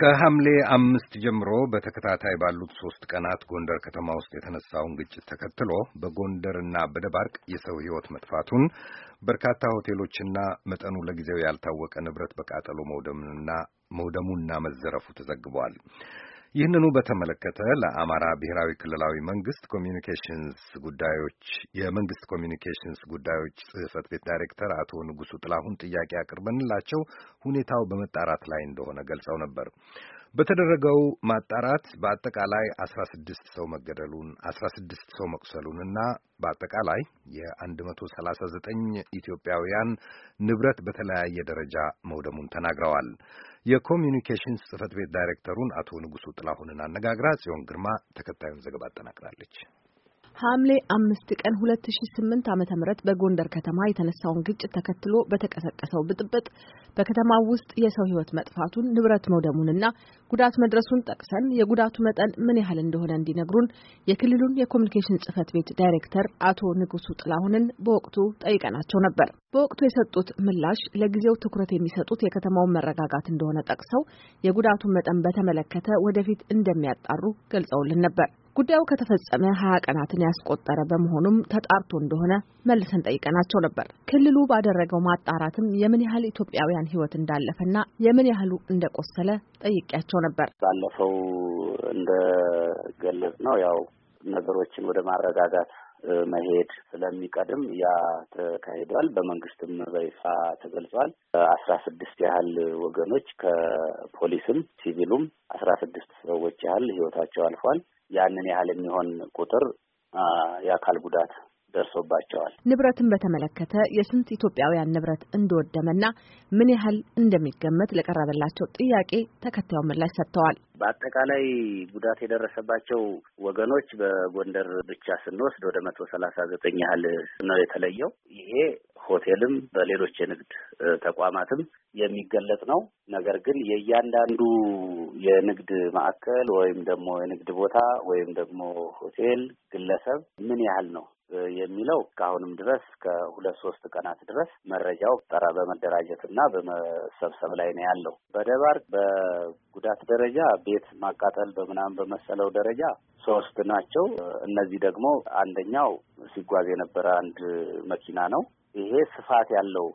ከሐምሌ አምስት ጀምሮ በተከታታይ ባሉት ሶስት ቀናት ጎንደር ከተማ ውስጥ የተነሳውን ግጭት ተከትሎ በጎንደርና በደባርቅ የሰው ሕይወት መጥፋቱን በርካታ ሆቴሎችና መጠኑ ለጊዜው ያልታወቀ ንብረት በቃጠሎ መውደሙና መዘረፉ ተዘግቧል። ይህንኑ በተመለከተ ለአማራ ብሔራዊ ክልላዊ መንግስት ኮሚኒኬሽንስ ጉዳዮች የመንግስት ኮሚኒኬሽንስ ጉዳዮች ጽህፈት ቤት ዳይሬክተር አቶ ንጉሱ ጥላሁን ጥያቄ አቅርበንላቸው ሁኔታው በመጣራት ላይ እንደሆነ ገልጸው ነበር። በተደረገው ማጣራት በአጠቃላይ 16 ሰው መገደሉን 16 ሰው መቁሰሉን እና በአጠቃላይ የ139 ኢትዮጵያውያን ንብረት በተለያየ ደረጃ መውደሙን ተናግረዋል። የኮሚኒኬሽንስ ጽህፈት ቤት ዳይሬክተሩን አቶ ንጉሱ ጥላሁንን አነጋግራ ጽዮን ግርማ ተከታዩን ዘገባ አጠናቅራለች። ሐምሌ አምስት ቀን 2008 ምህረት በጎንደር ከተማ የተነሳውን ግጭት ተከትሎ በተቀሰቀሰው ብጥብጥ በከተማው ውስጥ የሰው ሕይወት መጥፋቱን ንብረት መውደሙንና ጉዳት መድረሱን ጠቅሰን የጉዳቱ መጠን ምን ያህል እንደሆነ እንዲነግሩን የክልሉን የኮሚኒኬሽን ጽህፈት ቤት ዳይሬክተር አቶ ንጉሱ ጥላሁንን በወቅቱ ጠይቀናቸው ነበር። በወቅቱ የሰጡት ምላሽ ለጊዜው ትኩረት የሚሰጡት የከተማውን መረጋጋት እንደሆነ ጠቅሰው የጉዳቱን መጠን በተመለከተ ወደፊት እንደሚያጣሩ ገልጸውልን ነበር። ጉዳዩ ከተፈጸመ ሀያ ቀናትን ያስቆጠረ በመሆኑም ተጣርቶ እንደሆነ መልሰን ጠይቀናቸው ነበር። ክልሉ ባደረገው ማጣራትም የምን ያህል ኢትዮጵያውያን ሕይወት እንዳለፈና የምን ያህሉ እንደቆሰለ ጠይቄያቸው ነበር። ባለፈው እንደገለጽ ነው ያው ነገሮችን ወደ ማረጋጋት መሄድ ስለሚቀድም ያ ተካሂዷል። በመንግስትም በይፋ ተገልጿል። አስራ ስድስት ያህል ወገኖች ከፖሊስም ሲቪሉም አስራ ስድስት ሰዎች ያህል ህይወታቸው አልፏል። ያንን ያህል የሚሆን ቁጥር የአካል ጉዳት ደርሶባቸዋል። ንብረትን በተመለከተ የስንት ኢትዮጵያውያን ንብረት እንደወደመና ምን ያህል እንደሚገመት ለቀረበላቸው ጥያቄ ተከታዩ ምላሽ ሰጥተዋል። በአጠቃላይ ጉዳት የደረሰባቸው ወገኖች በጎንደር ብቻ ስንወስድ ወደ መቶ ሰላሳ ዘጠኝ ያህል ነው የተለየው። ይሄ ሆቴልም በሌሎች የንግድ ተቋማትም የሚገለጽ ነው። ነገር ግን የእያንዳንዱ የንግድ ማዕከል ወይም ደግሞ የንግድ ቦታ ወይም ደግሞ ሆቴል ግለሰብ ምን ያህል ነው የሚለው ከአሁንም ድረስ ከሁለት ሶስት ቀናት ድረስ መረጃው ጠራ በመደራጀት እና በመሰብሰብ ላይ ነው ያለው። በደባርቅ በጉዳት ደረጃ ቤት ማቃጠል በምናምን በመሰለው ደረጃ ሶስት ናቸው። እነዚህ ደግሞ አንደኛው ሲጓዝ የነበረ አንድ መኪና ነው። ይሄ ስፋት ያለው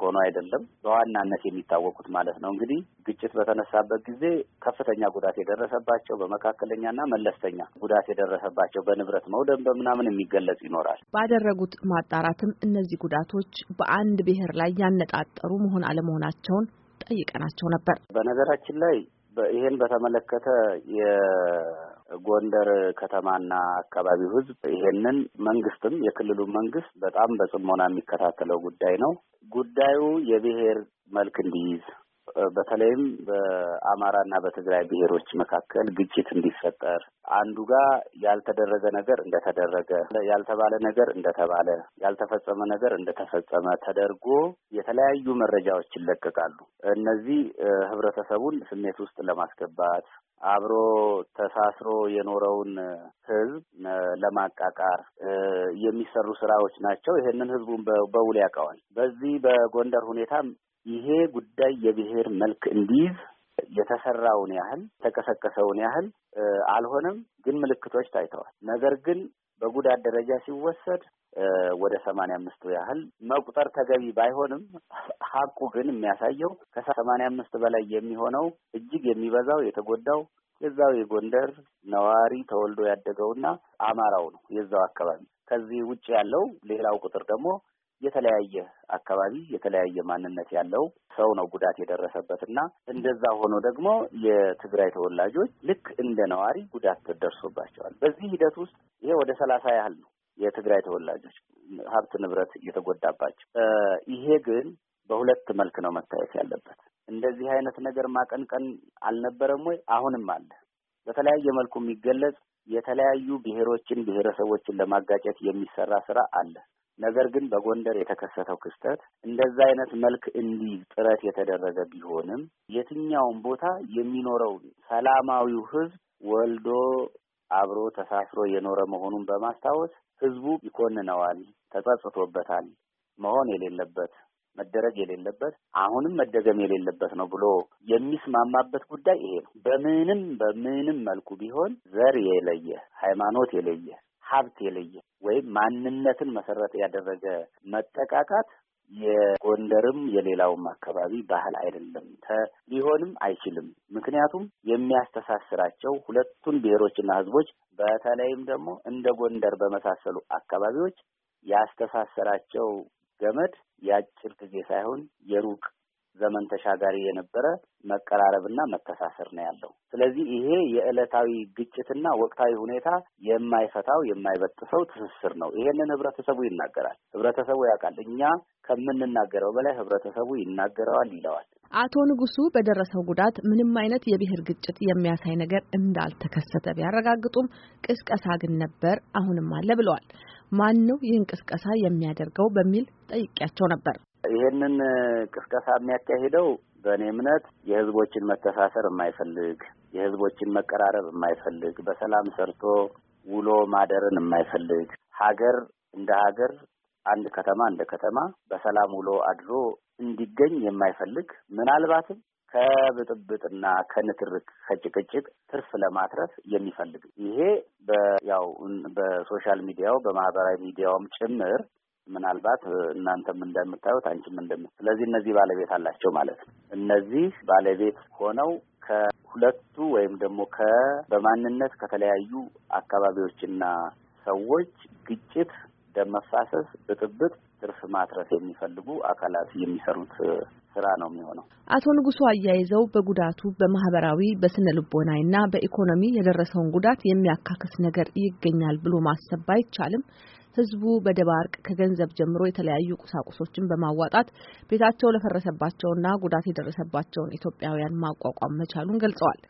ሆኖ አይደለም በዋናነት የሚታወቁት ማለት ነው። እንግዲህ ግጭት በተነሳበት ጊዜ ከፍተኛ ጉዳት የደረሰባቸው፣ በመካከለኛና መለስተኛ ጉዳት የደረሰባቸው በንብረት መውደም በምናምን የሚገለጽ ይኖራል። ባደረጉት ማጣራትም እነዚህ ጉዳቶች በአንድ ብሔር ላይ ያነጣጠሩ መሆን አለመሆናቸውን ጠይቀናቸው ነበር። በነገራችን ላይ ይህን በተመለከተ የጎንደር ከተማና አካባቢው ህዝብ ይሄንን መንግስትም የክልሉ መንግስት በጣም በጽሞና የሚከታተለው ጉዳይ ነው። ጉዳዩ የብሔር መልክ እንዲይዝ በተለይም በአማራ እና በትግራይ ብሔሮች መካከል ግጭት እንዲፈጠር አንዱ ጋር ያልተደረገ ነገር እንደተደረገ፣ ያልተባለ ነገር እንደተባለ፣ ያልተፈጸመ ነገር እንደተፈጸመ ተደርጎ የተለያዩ መረጃዎች ይለቀቃሉ። እነዚህ ህብረተሰቡን ስሜት ውስጥ ለማስገባት አብሮ ተሳስሮ የኖረውን ህዝብ ለማቃቃር የሚሰሩ ስራዎች ናቸው። ይሄንን ህዝቡን በውል ያውቀዋል። በዚህ በጎንደር ሁኔታም ይሄ ጉዳይ የብሔር መልክ እንዲይዝ የተሰራውን ያህል የተቀሰቀሰውን ያህል አልሆነም፣ ግን ምልክቶች ታይተዋል። ነገር ግን በጉዳት ደረጃ ሲወሰድ ወደ ሰማንያ አምስቱ ያህል መቁጠር ተገቢ ባይሆንም ሀቁ ግን የሚያሳየው ከሰማንያ አምስት በላይ የሚሆነው እጅግ የሚበዛው የተጎዳው የዛው የጎንደር ነዋሪ ተወልዶ ያደገውና አማራው ነው የዛው አካባቢ። ከዚህ ውጭ ያለው ሌላው ቁጥር ደግሞ የተለያየ አካባቢ የተለያየ ማንነት ያለው ሰው ነው ጉዳት የደረሰበት እና እንደዛ ሆኖ ደግሞ የትግራይ ተወላጆች ልክ እንደ ነዋሪ ጉዳት ደርሶባቸዋል። በዚህ ሂደት ውስጥ ይሄ ወደ ሰላሳ ያህል ነው የትግራይ ተወላጆች ሀብት ንብረት እየተጎዳባቸው። ይሄ ግን በሁለት መልክ ነው መታየት ያለበት። እንደዚህ አይነት ነገር ማቀንቀን አልነበረም ወይ? አሁንም አለ። በተለያየ መልኩ የሚገለጽ የተለያዩ ብሔሮችን ብሔረሰቦችን ለማጋጨት የሚሰራ ስራ አለ። ነገር ግን በጎንደር የተከሰተው ክስተት እንደዛ አይነት መልክ እንዲይዝ ጥረት የተደረገ ቢሆንም የትኛውም ቦታ የሚኖረውን ሰላማዊው ህዝብ ወልዶ አብሮ ተሳስሮ የኖረ መሆኑን በማስታወስ ህዝቡ ይኮንነዋል፣ ተጸጽቶበታል። መሆን የሌለበት መደረግ የሌለበት አሁንም መደገም የሌለበት ነው ብሎ የሚስማማበት ጉዳይ ይሄ ነው። በምንም በምንም መልኩ ቢሆን ዘር የለየ ሃይማኖት የለየ ሀብት የለየ ወይም ማንነትን መሰረት ያደረገ መጠቃቃት የጎንደርም የሌላውም አካባቢ ባህል አይደለም ሊሆንም አይችልም። ምክንያቱም የሚያስተሳስራቸው ሁለቱን ብሔሮችና ህዝቦች በተለይም ደግሞ እንደ ጎንደር በመሳሰሉ አካባቢዎች ያስተሳሰራቸው ገመድ የአጭር ጊዜ ሳይሆን የሩቅ ዘመን ተሻጋሪ የነበረ መቀራረብና መተሳሰር ነው ያለው። ስለዚህ ይሄ የዕለታዊ ግጭትና ወቅታዊ ሁኔታ የማይፈታው የማይበጥሰው ትስስር ነው። ይሄንን ህብረተሰቡ ይናገራል፣ ህብረተሰቡ ያውቃል። እኛ ከምንናገረው በላይ ህብረተሰቡ ይናገረዋል ይለዋል። አቶ ንጉሱ በደረሰው ጉዳት ምንም አይነት የብሔር ግጭት የሚያሳይ ነገር እንዳልተከሰተ ቢያረጋግጡም ቅስቀሳ ግን ነበር፣ አሁንም አለ ብለዋል። ማን ነው ይህን ቅስቀሳ የሚያደርገው በሚል ጠይቄያቸው ነበር። ይሄንን ቅስቀሳ የሚያካሂደው በእኔ እምነት የህዝቦችን መተሳሰር የማይፈልግ የህዝቦችን መቀራረብ የማይፈልግ በሰላም ሰርቶ ውሎ ማደርን የማይፈልግ ሀገር እንደ ሀገር አንድ ከተማ እንደ ከተማ በሰላም ውሎ አድሮ እንዲገኝ የማይፈልግ ምናልባትም ከብጥብጥና ከንትርክ ከጭቅጭቅ ትርፍ ለማትረፍ የሚፈልግ ይሄ በያው በሶሻል ሚዲያው በማህበራዊ ሚዲያውም ጭምር ምናልባት እናንተም እንደምታዩት አንቺም እንደምት ስለዚህ እነዚህ ባለቤት አላቸው ማለት ነው። እነዚህ ባለቤት ሆነው ከሁለቱ ወይም ደግሞ ከ በማንነት ከተለያዩ አካባቢዎችና ሰዎች ግጭት፣ ደም መፋሰስ፣ ብጥብጥ ትርፍ ማትረፍ የሚፈልጉ አካላት የሚሰሩት ስራ ነው የሚሆነው። አቶ ንጉሱ አያይዘው በጉዳቱ በማህበራዊ በስነ ልቦናይና በኢኮኖሚ የደረሰውን ጉዳት የሚያካክስ ነገር ይገኛል ብሎ ማሰብ አይቻልም። ህዝቡ በደባርቅ ከገንዘብ ጀምሮ የተለያዩ ቁሳቁሶችን በማዋጣት ቤታቸው ለፈረሰባቸውና ጉዳት የደረሰባቸውን ኢትዮጵያውያን ማቋቋም መቻሉን ገልጸዋል።